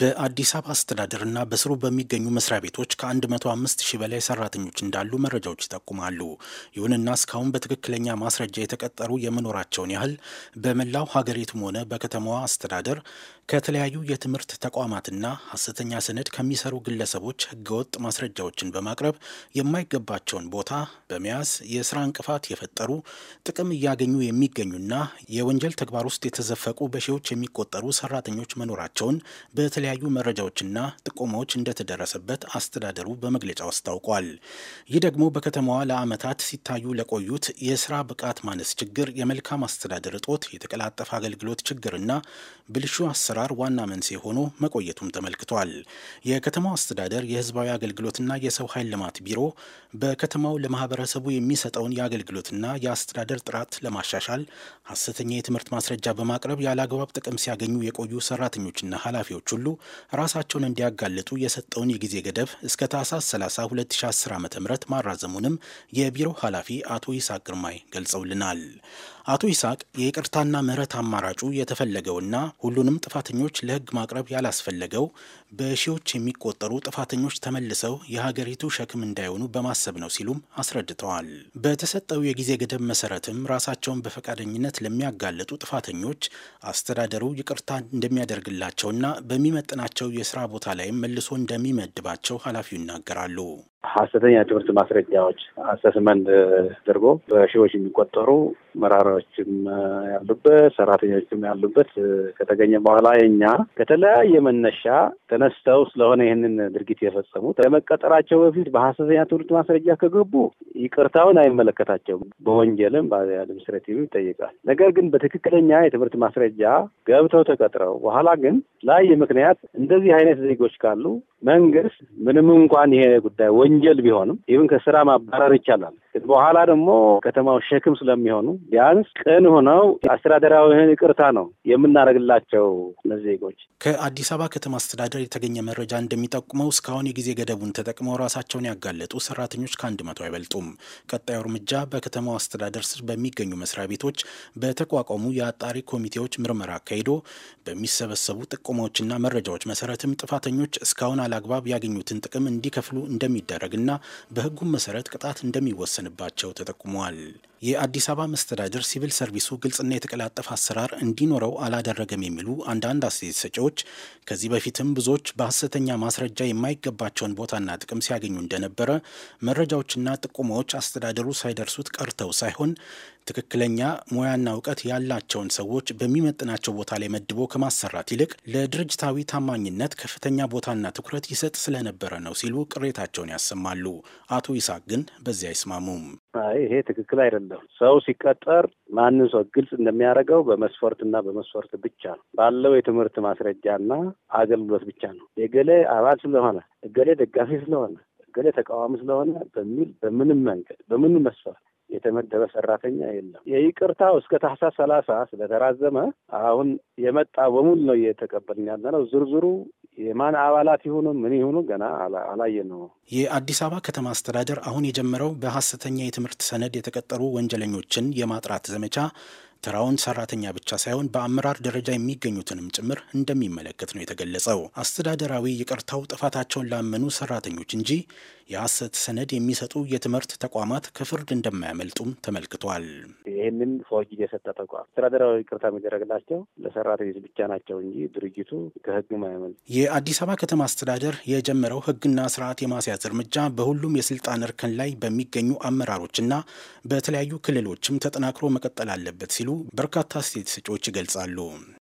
በአዲስ አበባ አስተዳደርና በስሩ በሚገኙ መስሪያ ቤቶች ከ105 ሺህ በላይ ሰራተኞች እንዳሉ መረጃዎች ይጠቁማሉ። ይሁንና እስካሁን በትክክለኛ ማስረጃ የተቀጠሩ የመኖራቸውን ያህል በመላው ሀገሪቱም ሆነ በከተማዋ አስተዳደር ከተለያዩ የትምህርት ተቋማትና ሀሰተኛ ሰነድ ከሚሰሩ ግለሰቦች ህገወጥ ማስረጃዎችን በማቅረብ የማይገባቸውን ቦታ በመያዝ የስራ እንቅፋት የፈጠሩ ጥቅም እያገኙ የሚገኙና የወንጀል ተግባር ውስጥ የተዘፈቁ በሺዎች የሚቆጠሩ ሰራተኞች መኖራቸውን የተለያዩ መረጃዎችና ጥቆማዎች እንደተደረሰበት አስተዳደሩ በመግለጫው አስታውቋል። ይህ ደግሞ በከተማዋ ለዓመታት ሲታዩ ለቆዩት የስራ ብቃት ማነስ ችግር፣ የመልካም አስተዳደር እጦት፣ የተቀላጠፈ አገልግሎት ችግርና ብልሹ አሰራር ዋና መንስኤ ሆኖ መቆየቱም ተመልክቷል። የከተማው አስተዳደር የህዝባዊ አገልግሎትና የሰው ኃይል ልማት ቢሮ በከተማው ለማህበረሰቡ የሚሰጠውን የአገልግሎትና የአስተዳደር ጥራት ለማሻሻል ሀሰተኛ የትምህርት ማስረጃ በማቅረብ ያለ አግባብ ጥቅም ሲያገኙ የቆዩ ሰራተኞችና ኃላፊዎች ሁሉ ራሳቸውን እንዲያጋልጡ የሰጠውን የጊዜ ገደብ እስከ ታህሳስ 30 2010 ዓ ም ማራዘሙንም የቢሮው ኃላፊ አቶ ይስሐቅ ግርማይ ገልጸውልናል። አቶ ይስሐቅ የይቅርታና ምህረት አማራጩ የተፈለገውና ሁሉንም ጥፋተኞች ለህግ ማቅረብ ያላስፈለገው በሺዎች የሚቆጠሩ ጥፋተኞች ተመልሰው የሀገሪቱ ሸክም እንዳይሆኑ በማሰብ ነው ሲሉም አስረድተዋል። በተሰጠው የጊዜ ገደብ መሰረትም ራሳቸውን በፈቃደኝነት ለሚያጋለጡ ጥፋተኞች አስተዳደሩ ይቅርታ እንደሚያደርግላቸውና በሚመጥናቸው የስራ ቦታ ላይም መልሶ እንደሚመድባቸው ኃላፊው ይናገራሉ። ሀሰተኛ ትምህርት ማስረጃዎች አሰስመንት ደርጎ በሺዎች የሚቆጠሩ መራራ ባለሙያዎችም ያሉበት ሰራተኞችም ያሉበት ከተገኘ በኋላ የኛ ከተለያየ መነሻ ተነስተው ስለሆነ ይህንን ድርጊት የፈጸሙት ለመቀጠራቸው በፊት በሀሰተኛ ትውልድ ማስረጃ ከገቡ ይቅርታውን አይመለከታቸውም። በወንጀልም በአድሚኒስትሬቲቭ ይጠይቃል። ነገር ግን በትክክለኛ የትምህርት ማስረጃ ገብተው ተቀጥረው በኋላ ግን ላይ ምክንያት እንደዚህ አይነት ዜጎች ካሉ መንግስት ምንም እንኳን ይሄ ጉዳይ ወንጀል ቢሆንም ይህን ከስራ ማባረር ይቻላል። በኋላ ደግሞ ከተማው ሸክም ስለሚሆኑ ቢያንስ ቅን ሆነው አስተዳደራዊ ይቅርታ ነው የምናደርግላቸው እነዚህ ዜጎች። ከአዲስ አበባ ከተማ አስተዳደር የተገኘ መረጃ እንደሚጠቁመው እስካሁን የጊዜ ገደቡን ተጠቅመው ራሳቸውን ያጋለጡ ሰራተኞች ከአንድ መቶ አይበልጡም። ቀጣዩ እርምጃ በከተማው አስተዳደር ስር በሚገኙ መስሪያ ቤቶች በተቋቋሙ የአጣሪ ኮሚቴዎች ምርመራ አካሂዶ በሚሰበሰቡ ጥቆማዎችና መረጃዎች መሰረትም ጥፋተኞች እስካሁን አላግባብ ያገኙትን ጥቅም እንዲከፍሉ እንደሚደረግና በህጉም መሰረት ቅጣት እንደሚወሰድ እንደሚወሰንባቸው ተጠቁመዋል። የአዲስ አበባ መስተዳደር ሲቪል ሰርቪሱ ግልጽና የተቀላጠፈ አሰራር እንዲኖረው አላደረገም የሚሉ አንዳንድ አስተያየት ሰጪዎች ከዚህ በፊትም ብዙዎች በሐሰተኛ ማስረጃ የማይገባቸውን ቦታና ጥቅም ሲያገኙ እንደነበረ መረጃዎችና ጥቆማዎች አስተዳደሩ ሳይደርሱት ቀርተው ሳይሆን ትክክለኛ ሙያና እውቀት ያላቸውን ሰዎች በሚመጥናቸው ቦታ ላይ መድቦ ከማሰራት ይልቅ ለድርጅታዊ ታማኝነት ከፍተኛ ቦታና ትኩረት ይሰጥ ስለነበረ ነው ሲሉ ቅሬታቸውን ያሰማሉ። አቶ ይስሐቅ ግን በዚያ አይስማሙም። ይሄ ትክክል አይደለም። አይደለም። ሰው ሲቀጠር ማንም ሰው ግልጽ እንደሚያደርገው በመስፈርትና በመስፈርት ብቻ ነው ባለው የትምህርት ማስረጃና አገልግሎት ብቻ ነው። የገሌ አባል ስለሆነ፣ እገሌ ደጋፊ ስለሆነ፣ እገሌ ተቃዋሚ ስለሆነ በሚል በምንም መንገድ በምንም መስፈርት የተመደበ ሰራተኛ የለም። የይቅርታው እስከ ታህሳስ ሰላሳ ስለተራዘመ አሁን የመጣ በሙሉ ነው እየተቀበልን ያለ ነው። ዝርዝሩ የማን አባላት ይሁኑ ምን ይሁኑ ገና አላየ ነው። የአዲስ አበባ ከተማ አስተዳደር አሁን የጀመረው በሀሰተኛ የትምህርት ሰነድ የተቀጠሩ ወንጀለኞችን የማጥራት ዘመቻ ተራውን ሰራተኛ ብቻ ሳይሆን በአመራር ደረጃ የሚገኙትንም ጭምር እንደሚመለከት ነው የተገለጸው። አስተዳደራዊ ይቅርታው ጥፋታቸውን ላመኑ ሰራተኞች እንጂ የሐሰት ሰነድ የሚሰጡ የትምህርት ተቋማት ከፍርድ እንደማያመልጡም ተመልክቷል። ይህንን ፎርጅድ የሰጠ ተቋም አስተዳደራዊ ይቅርታ የሚደረግላቸው ለሰራተኞች ብቻ ናቸው እንጂ ድርጅቱ ከህግ ማያመልጥ። የአዲስ አበባ ከተማ አስተዳደር የጀመረው ህግና ስርዓት የማስያዝ እርምጃ በሁሉም የስልጣን እርከን ላይ በሚገኙ አመራሮችና በተለያዩ ክልሎችም ተጠናክሮ መቀጠል አለበት ሲሉ በርካታ አስተያየት ሰጪዎች ይገልጻሉ።